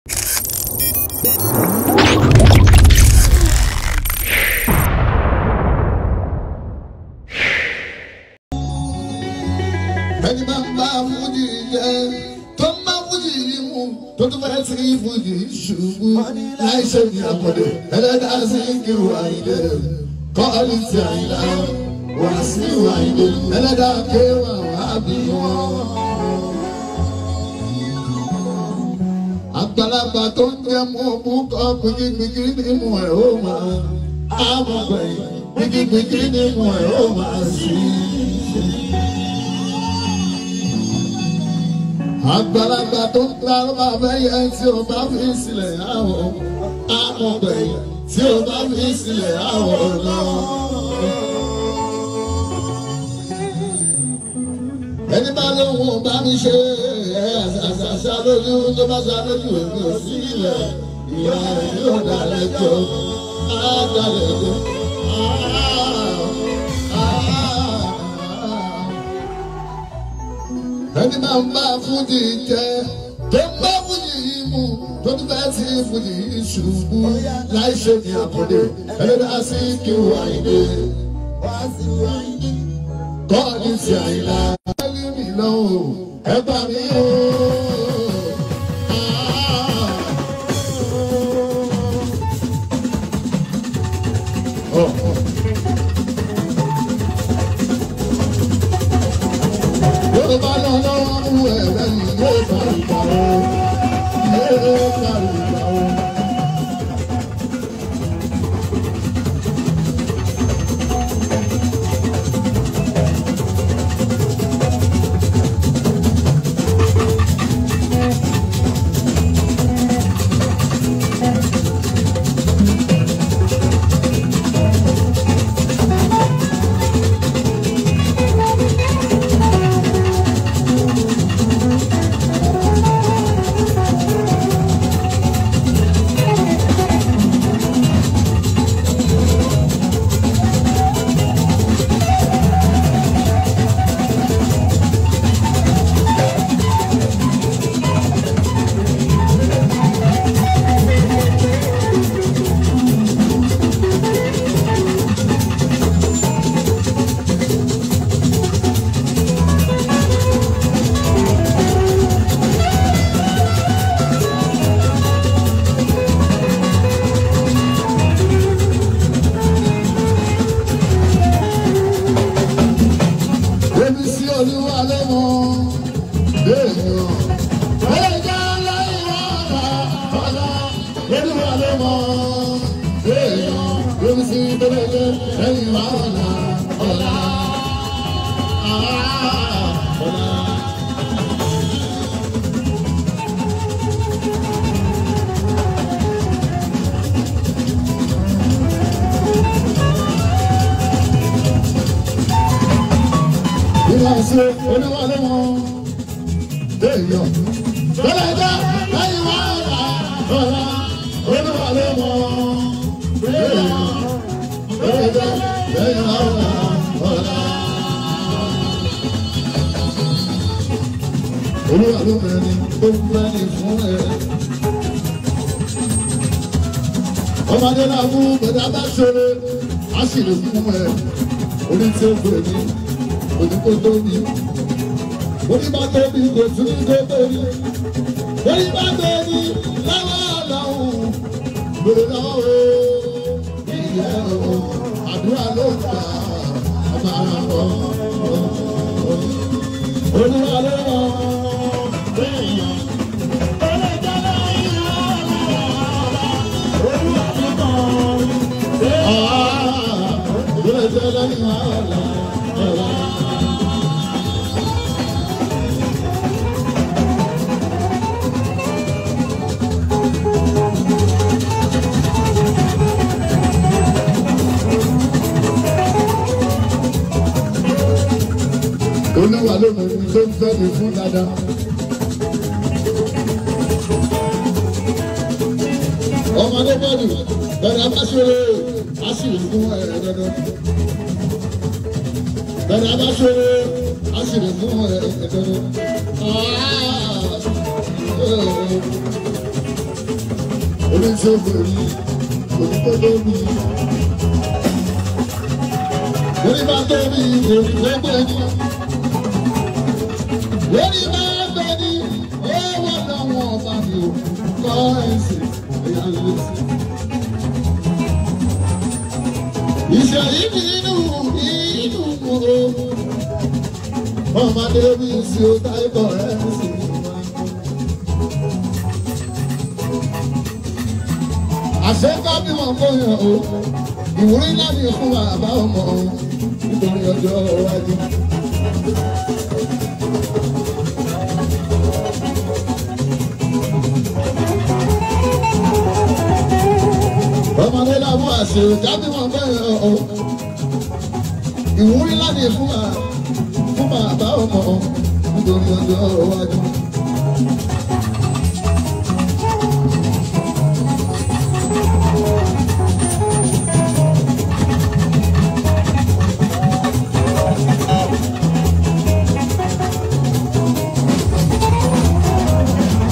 ẹni máa ń bá fújì jẹ tó ń bá fújì yìí mu tó tún fẹ́ sí fújì ṣubú láìṣe ní àkọ́dé ẹlẹ́dá sí kírù àyílẹ̀ kọ́ọ̀lù ti àyílẹ̀ wàásù àyílẹ̀ àgbàlagbà tó ń jẹ́ mú búkọ́ gbigigbi nínú ẹ̀ ó máa amọ̀gbẹ̀yìn gbigigbi nínú ẹ̀ ó máa sí. àgbàlagbà tó ń lárúbà mẹ́yẹ tí o bá fi sílẹ̀ àwọ̀ amọ̀gbẹ̀yìn tí o bá fi sílẹ̀ àwọ̀ náà. ẹni bá lóun bá mi ṣe é àṣàṣà lójú tó bá ṣá lójú èmi ò sí ilẹ̀ ìyá rẹ̀ yóò dalẹ̀ jọ á dalẹ̀ jọ. ẹni máa ń bá fújì jẹ tó ń bá fújì mú tó ń fẹ́ sí fújì ṣubú láì ṣe ní àkọ́dé ẹlẹ́dàá sí kí wọ́n àyìnbé. kọ́ọ̀dì sí àyìnlá. ẹ mi lọ́wọ́ ẹ mi. olúwa ló mẹ́rin tó ń bẹ́ni fún ẹ. ọmọdé náà mú bẹ̀rẹ̀ abáṣẹ́rẹ́ á sì lè fún ẹ orí tí ó gbé ní oníkó tóbi oníbà tóbi kò tún ní kó tóbi oníbà tóbi láwọn àlàó lòlá o ìyá o àdúrà ló fà á máa bọ̀. Olúwa ló mọ bẹ́ẹ̀ yàn. Olúwa ló mọ bẹ́ẹ̀ yàn. Olúwa ló mọ bẹ́ẹ̀ yàn. ṣé ń fẹ́ mi fún dada. ọmọdé bọ́ọ̀lù bẹ̀rẹ̀ abáṣọ́rẹ́ aṣèlú fún ẹ̀rẹ́ dandan. bẹ̀rẹ̀ abáṣọ́rẹ́ aṣèlú fún ẹ̀rẹ́ dandan. orí ṣe bẹ̀rẹ̀ òkúta lórí. ìṣẹ̀lẹ̀ nínú nínú o. o táyé kọ̀ ẹ́ sí i. àṣẹ ká bímọ kóyàn o ìwúrí náà fún bàbá ọmọ o nítorí ọjọ́ iwájú. ọmọdé náà mú àṣírò jábí wọn bẹ́ẹ̀ o. ìwúrí láti fún wa fún bàbá ọmọ nítorí ọjọ́ iwájú.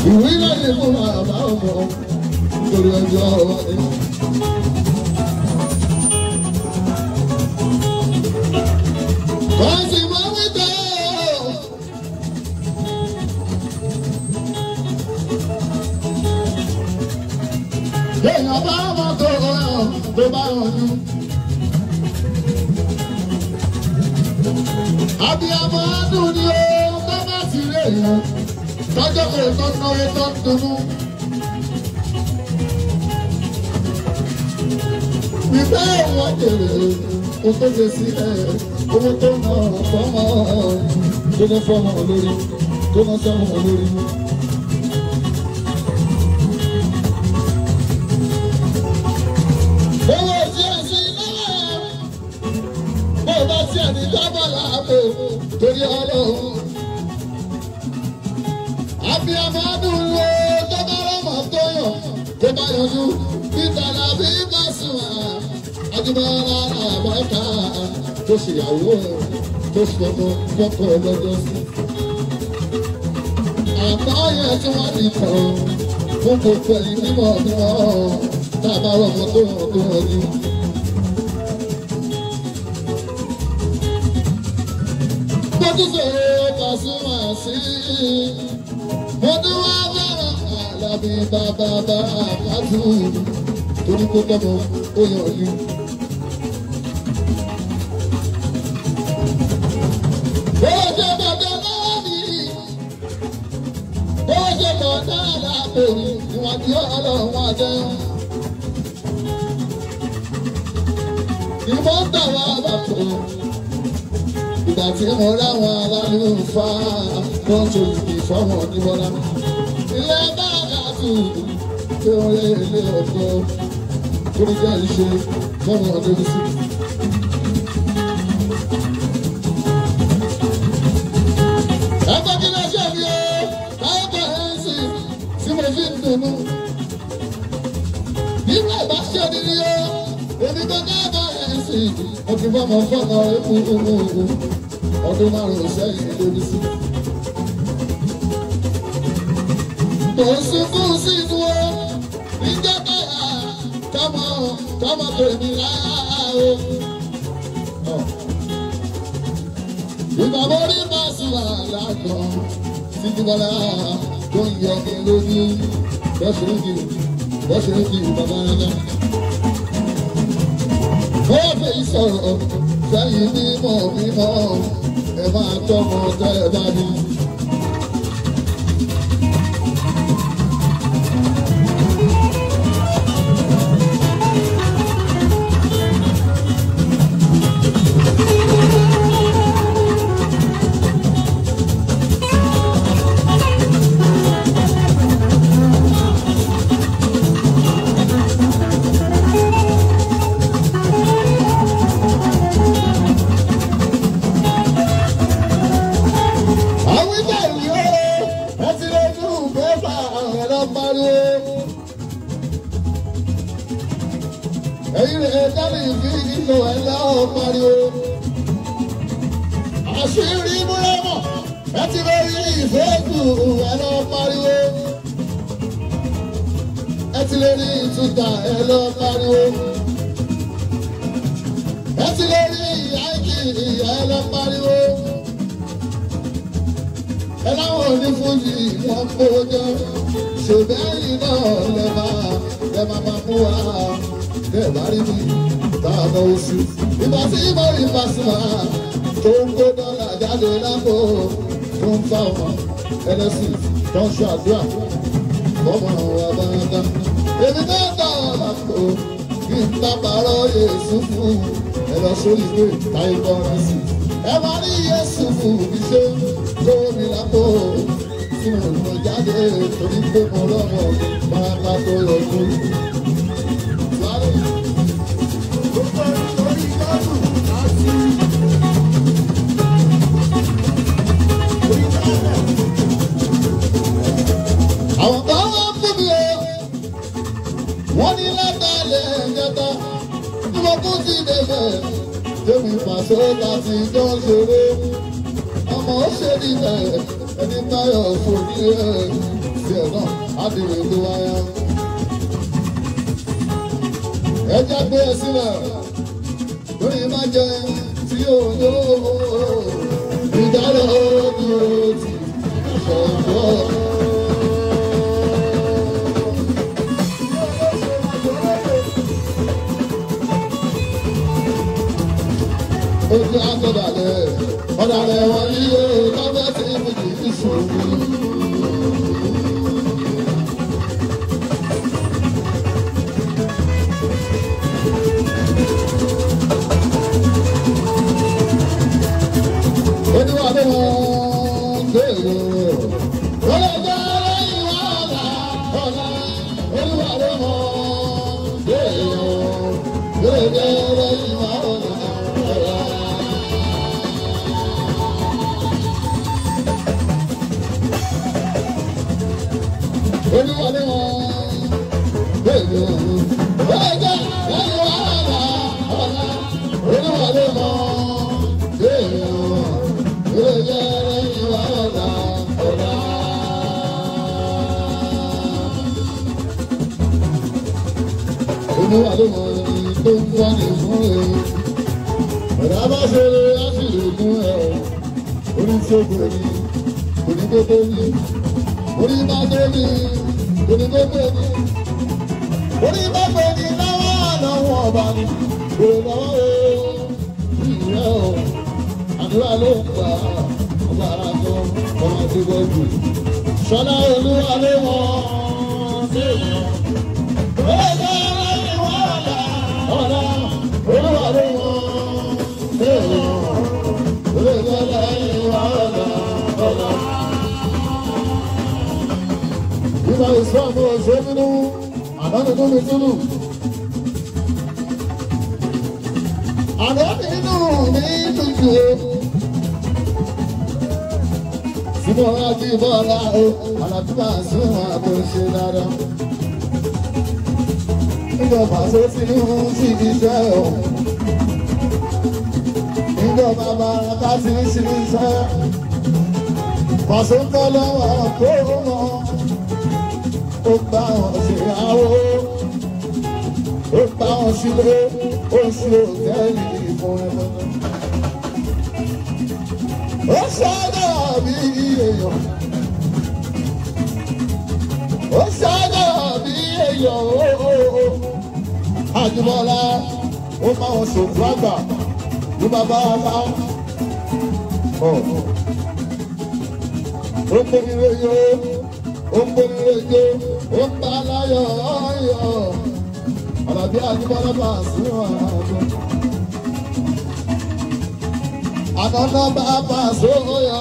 ìwúrí láti fún bàbá ọmọ torí ọjọ́ òde. wọ́n sì mọ wípé èèyàn bá wọn tó rọrùn tó bá rọjú. abiyamọ adùn ni ó tọ́ bá sì rèé tọ́jọ́ kò fẹ́ wọ́n jèrè kò tó jẹ sílẹ̀ owó tó ń bọ̀ fọ́mọ́ tó ń fọ́mọ́ olórí tó ń sọ́mọ́ olórí. owó tí a ṣe lọ́wọ́ bó bá tí a ní lábàlá àbò torí ọlọ́run. abiyamọ adùn wo tó bá rọmọ tó yàn kó bá ajíbọ́lá àmọ́ta tó ṣèyàwó tó fọmọ fọkọ lọ́jọ́ sí. àmọ́ yẹn tí wọ́n ti kọ̀ fún gbogbo ẹ̀yìn mímọ́ ọdún wọn bàbá ọmọ tó ọdún ọdún. Gbọ́dúgbò Pasuma sí mo tún wá bára Àlàbí bàbá bàbá àkàtú torí kó tọ́mọ ó yàn yín. ọkọ̀ náà lápò mi ìwọ̀n tí ọlọ́run àjẹ́. Ìmọ̀ ń tà wá lápò. Ìgbà tí wọ́n tó ìdí fọ́wọ́n níbọ́lá. Ilé náà láti ìlú pé lé ilé ọkọ̀ tó jẹ́ ìṣe fọ́wọ́n lórí sí. bọ́mọ fọ́nà epo owó owó ọdún márùn-ún sẹ́yìn lórí sí. Mò ń sunkún sí ìfún o, níjọ́ bẹ́ẹ̀ kọ́mọ kọ́mọ tèmi láyà o. Ìgbà mo rí Màsíwà lágbọ̀n, títí bọ́lá tó ń yọ ní lójú, bọ́sùn kì í bọ́sùn kì í bàbá yẹn náà fọ́ọ̀fẹ́ ìsọ̀rọ̀ sẹ́yìn mímọ̀ mímọ̀ ẹ̀ máa tọ́mọ tẹ́ ẹ bá mi. ẹ̀rọ pariwo. Ẹ̀yin rẹ̀ dábì kí ìlò ẹ̀lẹ́ ọ̀ pariwo. Àṣírí múlẹ́mọ̀ ẹ ti bẹ́ rí ìfẹ́ jù ẹ̀rọ pariwo. Ẹ ti lè rí ìtúta ẹ̀rọ pariwo. Ẹ ti lè rí ìyá ìkì ìyá ẹ̀rọ pariwo ẹláwọ̀ ní fújì wọn kó jọ ṣòbẹ́yìn náà lẹ́bà lẹ́bà máa mú wa lẹ́bà rí mi bàbá oṣù. ìgbà tí mo rí Pasuma tó ń kó dọ́là jáde lápò tó ń fa ọmọ ẹlẹ́sìn tó ń ṣàdúrà fọmọ wa dáadáa. èmi náà dá ọ̀la kó kí n bá parọ́ Yéṣu fún ẹ lọ sórí ìwé táyé kọ́ra sí. ẹ máa rí Yéṣu fún mi ṣe kó mi lápò tí mo mọ̀ jáde torí pé mo lọ́wọ́ máa ta tó lọ kú. àwọn kan wá láyọ̀ fún ní tiẹ̀ náà adìrẹ̀ tó wáyà. ẹja gbé e sílẹ̀ lórí má jẹ tí yóò yóò ìdálẹ́ ọ̀rọ̀ tó ti ṣọ̀gbọ́n. Thank you. lè fún ẹ ọ̀dà bá ṣe lè láti lè fún ẹ oníṣègùn ni onígbogbo ni onígbàgbọ́ ni onígbogbo ni onígbàgbọ́ ni láwọn àdáwọn ọba ni òrùlọ ìyá ọ àdúrà ló ń gbà ọba ara tó ọmọ àti bọ́ọ̀dù sọlá olúwa ló wọ́n ṣèwọ́n. sáré sọ àbúrò ṣe é nínú àdánù tó mi túnú. àná nínú mi tutù o. sínú ọ̀rá bíi bọ́ọ̀lá o àlàtúbà sún àbò ṣe dáadáa. níjọba tó ti ní fún o. níjọba bàbá ká ti ń ṣe iṣẹ́. Pàṣẹ ń tọ́lọ́wọ́ kó ó bá wọn ṣèyàwó ó bá wọn sílé ó ṣe òtẹ́ẹ̀lì fún ẹ. ó ṣáájú àbí èèyàn ó ṣáájú àbí èèyàn ó àjùmọ̀lá ó bá wọn ṣòfò àgbà ló bá bá wọn bá ó kórìíra yóò ó ń bomi rege ó ń pa láyọ̀ ọ̀yọ̀ Àlàbí àdúgbọ́lọ́bà sí ọ̀hún. Ànànà bàbá sóyọ̀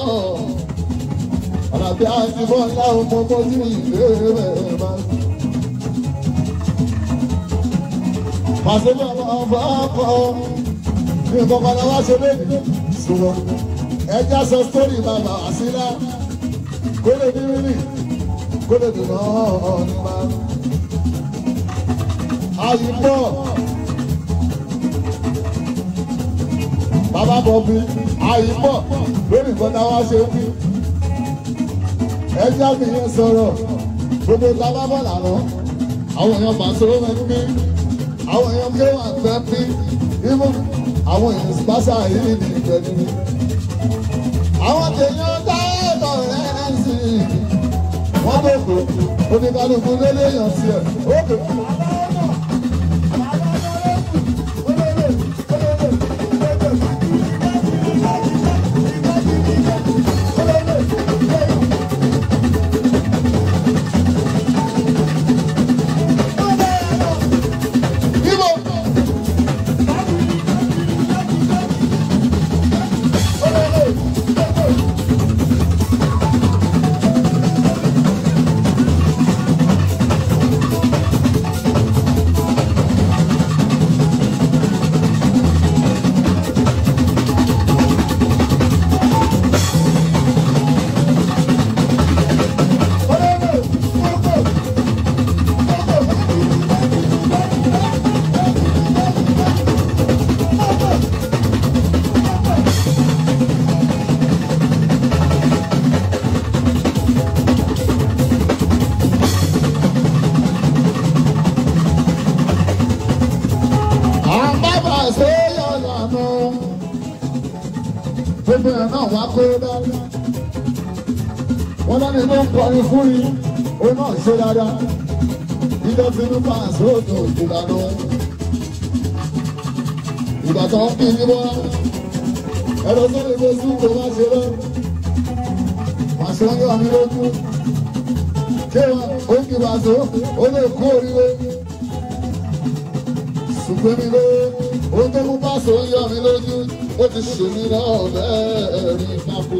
Àlàbí àdúgbọ́lá ọmọ mojú ìlú rẹ̀ bá. Màsílẹ̀ ọ̀bọ̀ ọ̀bọ̀ ní ìkọ̀kọ̀dá wá ṣe lébi ṣùgbọ́n ẹja sọ sórí bàbá àsílá kó lè bí mímì kólé dùnà ọ̀nìmá. àyìnbọ̀ bàbá bọ̀ bí àyìnbọ̀ lórí nǹkan táwa ṣe ń bí. mi yẹn sọ̀rọ̀ gbogbo táwa bọ̀ lànà àwọn èèyàn pàṣẹ wọn ń bí àwọn èèyàn kéwàá ń fẹ́ bí even àwọn èèyàn spásá yìí ní ìgbẹ́ni. àwọn wọ́n bò kó oníkanukú lélẹ́yàn tiẹ̀ ó kò kú. rí ó náà ṣe dáadáa ìdọ́finú pass ó tó ìlànà ìgbà tó ń kí wọ́n ẹ̀rọ tó lè gbé sí kò má ṣe lọ àṣọ yóò mi lójú kí wọn ó kí pàṣẹ ó lè kú oríire ṣùgbọ́n mi ló ó tó mú pàṣẹ ó yọ mi lójú ó ti ṣèmi náà lẹ́ẹ̀rí pápó.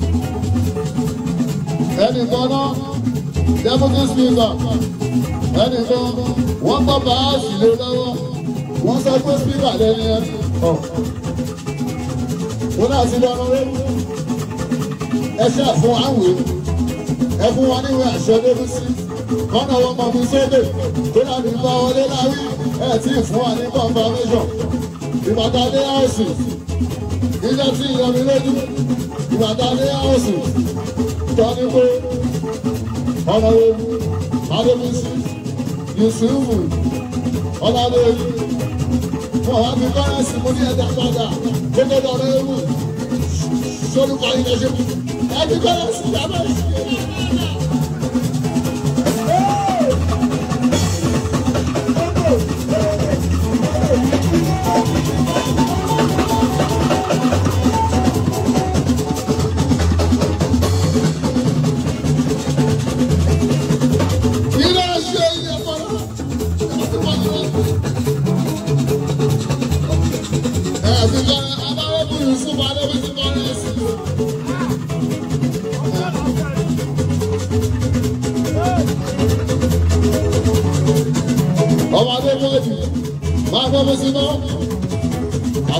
ẹnìkan devil this speaker ẹnìkan wọ́n kọ́ bá a sì lé lọ́wọ́ wọ́n sọ pé speaker lẹ́ni ẹ ọ̀ wọ́n náà ti lọ́nu rẹ́ ẹ ṣe àfún àwìn ẹ fún wọn níwèé àṣẹ lébùsí kọ́nà wọn mọ̀ mí sókè tó láti bá wọlé láwí ẹ̀ tí ì fún wa ní confirmation ìbàdàn ní house ìjọ tí ìyọ̀mí lójú ìbàdàn ní house. Tọ́nípé Ọlọ́wẹ́bù Adébísí Yusufu Ọlọ́wẹ́bù wọn wá fi kọ́rẹ́sì mú ní ẹ̀dá padà gbogbo ọ̀rọ̀ ewu sórúkọ ilẹ̀ ṣe mú ẹ̀dí kọ́rẹ́sì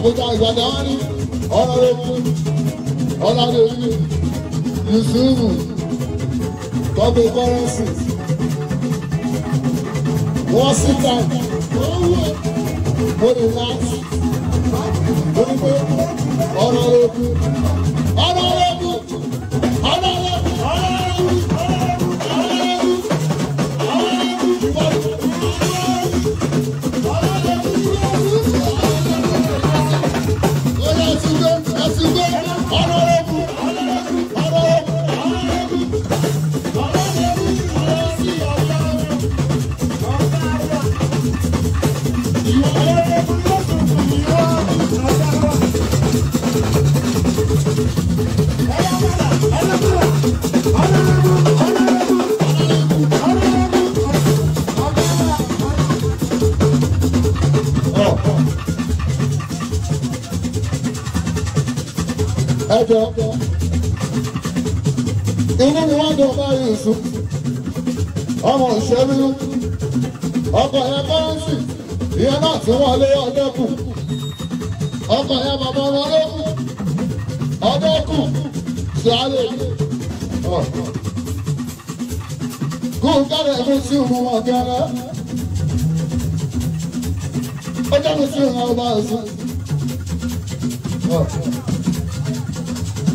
àbújá ìgbàdá wọn ní ọlọ́rẹ́kú ọlọ́rẹ́kú yusufu tọ́gbẹ́ kọ́rẹ́sì wọ́n sí táì mo lè láti mo ní pé dán inú mi wá dán báyìí sùn ọmọ ìṣẹ́rí ọkọ̀ yẹn kọ́rẹ́sì ìyẹn náà tí wọ́n lé ọdẹ́kù ọkọ̀ yẹn bàbá wọn lókù ọdẹ́kù ṣáálẹ̀ kó kárẹ̀ mú sí òun wọn gẹ́rẹ́ ó jẹ́ mi sí ìran ọba ẹ̀sìn.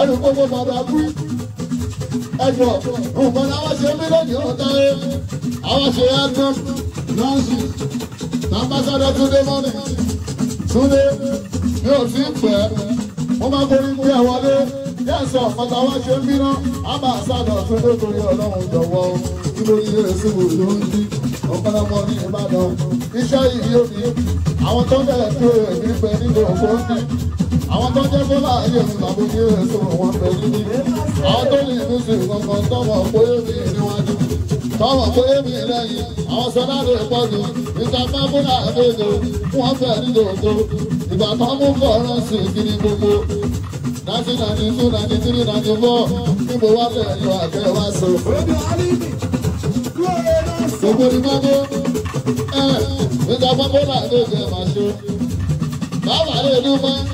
ẹnu gbogbo bàbá kú ẹjọ nǹkan làwọn ṣe mílíọ̀nù ọ̀tá àwọn ṣe ẹgbẹ́m lọ́sì nàmbásádọ̀ túndé mọ́nì túndé mi ò sí pẹ́ mo máa borí pé ẹ wọlé yẹ́sọ̀ ọ̀kan làwọn ṣe mílíọ̀nù àmbásádọ̀ túndé torí ọlọ́run jọ̀wọ́ kí ló yẹ èsì wò ló ń dí ọ̀pọ̀lọpọ̀ ní Ìbàdàn iṣẹ́ yìí yóò ní àwọn tó bẹ̀rẹ̀ tó èmi pẹ̀ nínú òkú ń dí àwọn tó jẹ́ kó láàyè mi tàbí kí èso wọn pẹ̀lú mi àwọn tó lè fi sùn kankan tọmọ pé mi níwájú tọmọ pé mi lẹ́yìn àwọn sọlá lè pọ̀ jù ìta pápúlà àbẹ̀dọ̀ wọn fẹ́ nílò tó ìgbà kan mú kọ̀ọ̀rọ̀ sí kiri gbogbo nineteen ninety two ninety three ninety four níbo wá fẹ́ ẹ̀yọ àgbẹ̀ wá so. gbogbo ni mọ́tò ẹ̀ ìta pápúlà àbẹ̀dọ̀ máa ṣe báwa lè dúpẹ́.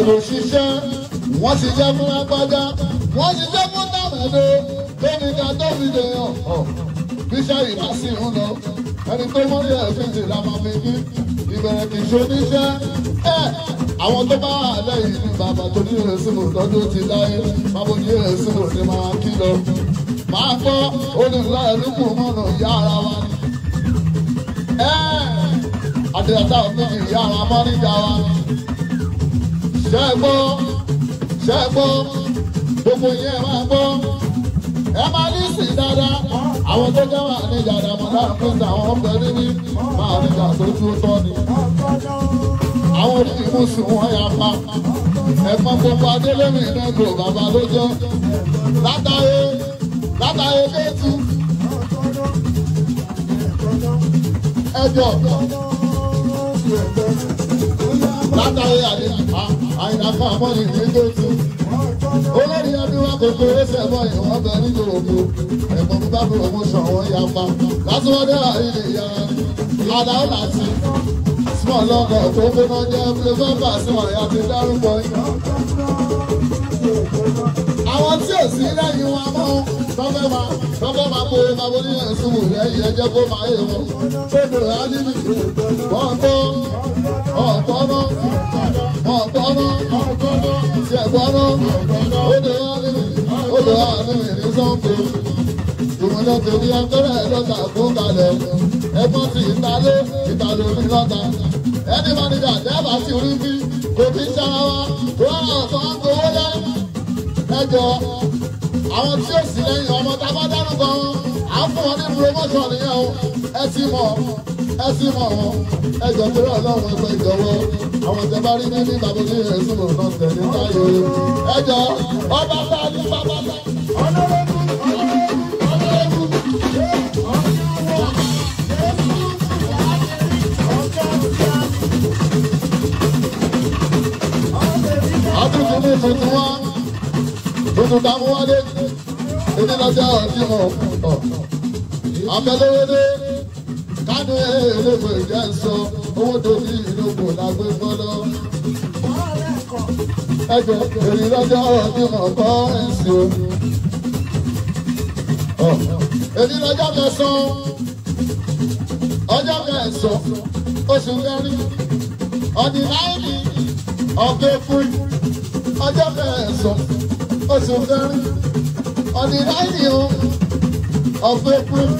tàmẹ̀dò ṣiṣẹ́ wọ́n ṣiṣẹ́ fún lágbájá wọ́n ṣiṣẹ́ fún tàmẹ̀dò lórí ká tó fi bíṣẹ́ ìbá ń lọ ẹni tó mọ́ ní ẹ̀fín ti la máa fi ìbẹ̀rẹ̀ kì í ṣe oníṣẹ́ ẹ̀ àwọn tó bá wà lẹ́yìn ní bàbá tó ní ìrẹsì mò ti láyé bàbá ní ìrẹsì mò máa kí lọ máa kọ́ olùlọ ẹ̀lúkù mọ́nà ìyá ara wa ni ẹ̀ àdìyàtà òmìnir ìyá ara mọ́ wa ni ṣe gbọ́ ṣe gbọ́ gbogbo yẹn máa gbọ́ ẹ máa ní sí dáadáa àwọn tó jẹ́ wà ní ìjàdá mọ̀ náà fún ti àwọn ọmọ ẹni ní máa ní ìjà tó ju tọ́ ni. àwọn onímùsùn wọn yà pa ẹ̀fọn gbogbo adélẹ́mì náà bàbá ló jọ látàrí látàrí létí ẹjọ́ látàrí àdéhùn pa àyìnláfà mọ́lì ní tóòtù olórí adúlá kò tó ẹsẹ̀ mọ́ ìwọ́n bẹ nítorí òkú ẹ̀gbọ́n mi bá bọ̀ mo ṣọ̀wọ́ ya pa lásìwọ́dẹ́ àìlè ya ládà ó láti small lọ́gọ̀ tó gbóná jẹ́ flavour sí wọn àyà ti dárúkọ yìí. àwọn tí ò sí lẹ́yìn wa mọ́ tọ́gbẹ́ máa tọ́gbẹ́ máa pé máa wọlé ẹ̀sùn ẹ̀yìn ẹ̀jẹ̀ kó máa yẹ wọn. Ṣébè Alibi ọ̀tọ́ ọ̀tọ́nà ọ̀tọ́nà ṣẹ̀gbọ́nà odò Alibi odò Alibi ní sọ́ńpé. Ìwọ̀nà tèmi ẹgbẹ́rẹ́ ẹ̀dọ́ta fún kalẹ̀ ẹgbọ́n ti ìtàlẹ́ ìtàlẹ́ omi lọ́ta. Ẹni máníjà dábàá sí orí bí kò kí ń ṣara wa, wọ́n rà ọ̀sán gbowó lẹ́ ẹjọ́ àwọn tí ó sì lẹ́yìn ọmọ tá a bá dánú gan à ń fún wọn ní promotion nìyẹn o ẹ ti mọ̀ ẹ ti mọ̀ wọn ẹ jọ pé ọlọ́run ẹgbẹ́ ìjọwọ́ àwọn tẹ bá rí ní ní ìgbàgbọ́ ní ẹ̀sùn mọ̀ náà tẹ̀lé táyé ẹ jọ ọba tá a ní bàbá tá ọlọ́run. Tudo tá voando onílọ́jọ́ ọdún mọ̀ abẹ́lẹ́wẹ́lẹ́ kánú eléwo ìjẹ́ ń sọ owó dojú ìlókò lágbé gbọ́dọ̀. ẹjọ èrè lọ́jọ́ ọdún mọ̀ kọ́ ẹ̀sìn o. èyí lọ́jọ́ mẹ́sàn-án ọjọ́ mẹ́sàn-án oṣù kẹrin ọdún láìní ọgbẹ́ fún ọjọ́ mẹ́sàn-án oṣù kẹrin on the nine o of April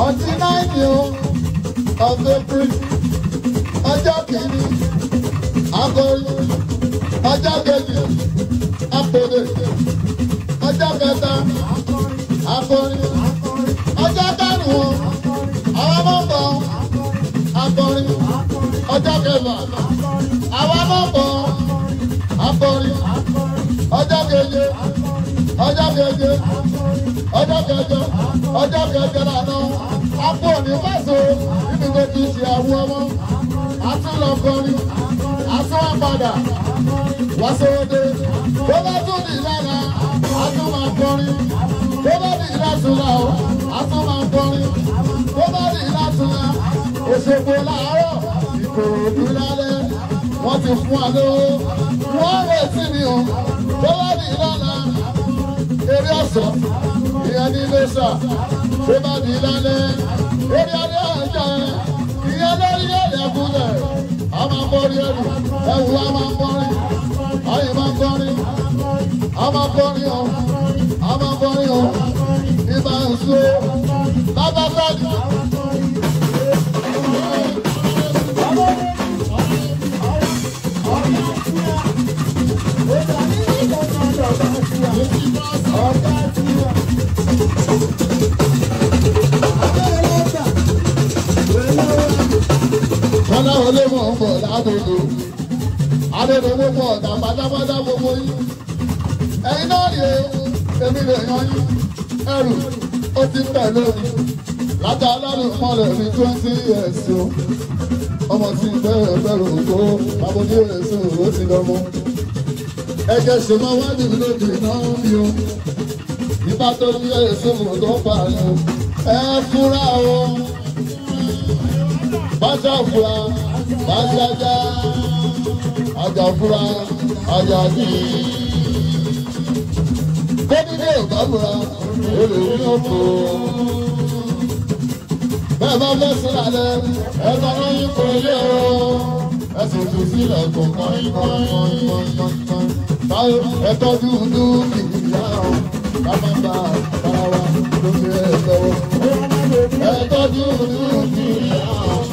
on the nine o of April ọjọ́ kìíní agolo ọjọ́ kejì apòdè ọjọ́ kẹta akọrin ọjọ́ kẹrùn I àwọn mọ̀bọ akọrin ọjọ́ kẹfà àwọn mọ̀bọ akọrin ọjọ́ keje ọjọ́ keje ọjọ́ kẹjọ ọjọ́ kẹjọ lànà apò ní fẹ̀sọ̀ níbi tó ti ṣe àwọn ọmọ atúlọ̀kọrin asọ́wọ́padà wàṣọwọ́dé tó bá tún ní ìlànà atúmọ̀kọrin tó bá ní ìlàtúnlá o atúmọ̀kọrin tó bá ní ìlàtúnlá Òṣogbo láàárọ̀ Ìkòròdú lálẹ́ wọ́n ti fún wa lówó wọ́n rẹ̀ ọjà ṣé bá di lálẹ́ orí adé àjà ìyẹn lórí ẹ̀ẹ́dẹ́gúnlẹ̀ a máa bọ́rí ẹ̀rù ẹ̀wù a máa bọ́rí ayé máa bọ́rí a máa bọ́rí o a máa bọ́rí o ìbá ń so lábàbàdì. Thank you. àdòdò àdòdò gbogbo ọ̀tà pátápátá gbogbo yín ẹ̀yin náà yẹ èmi lè yan yín ẹrù ó ti pẹ̀ lórí látà alálùmọ́lẹ̀ ní twenty years o ọmọ tí ń bẹ̀rẹ̀ bẹ̀rẹ̀ ògbó àbójú èso ó ti lọ́mọ ẹ̀jẹ̀ ṣe máa wá nìbí lóde náà mi o nígbà tó ní èso tó pààyàn ẹ fúra o bá ṣàfùrà. Ajaja, ajafura, àjàdí. Gómìnà ìbámura olùrí òkú. Bẹ́ẹ̀ bá fẹ́ sí alẹ́, ẹ bá wọ́n yín kò lé o. Ẹ sì tù sílẹ̀ kò kọ́yìn wa lókè ẹ̀ lọ́wọ́. Ẹ tọ́jú dúkìá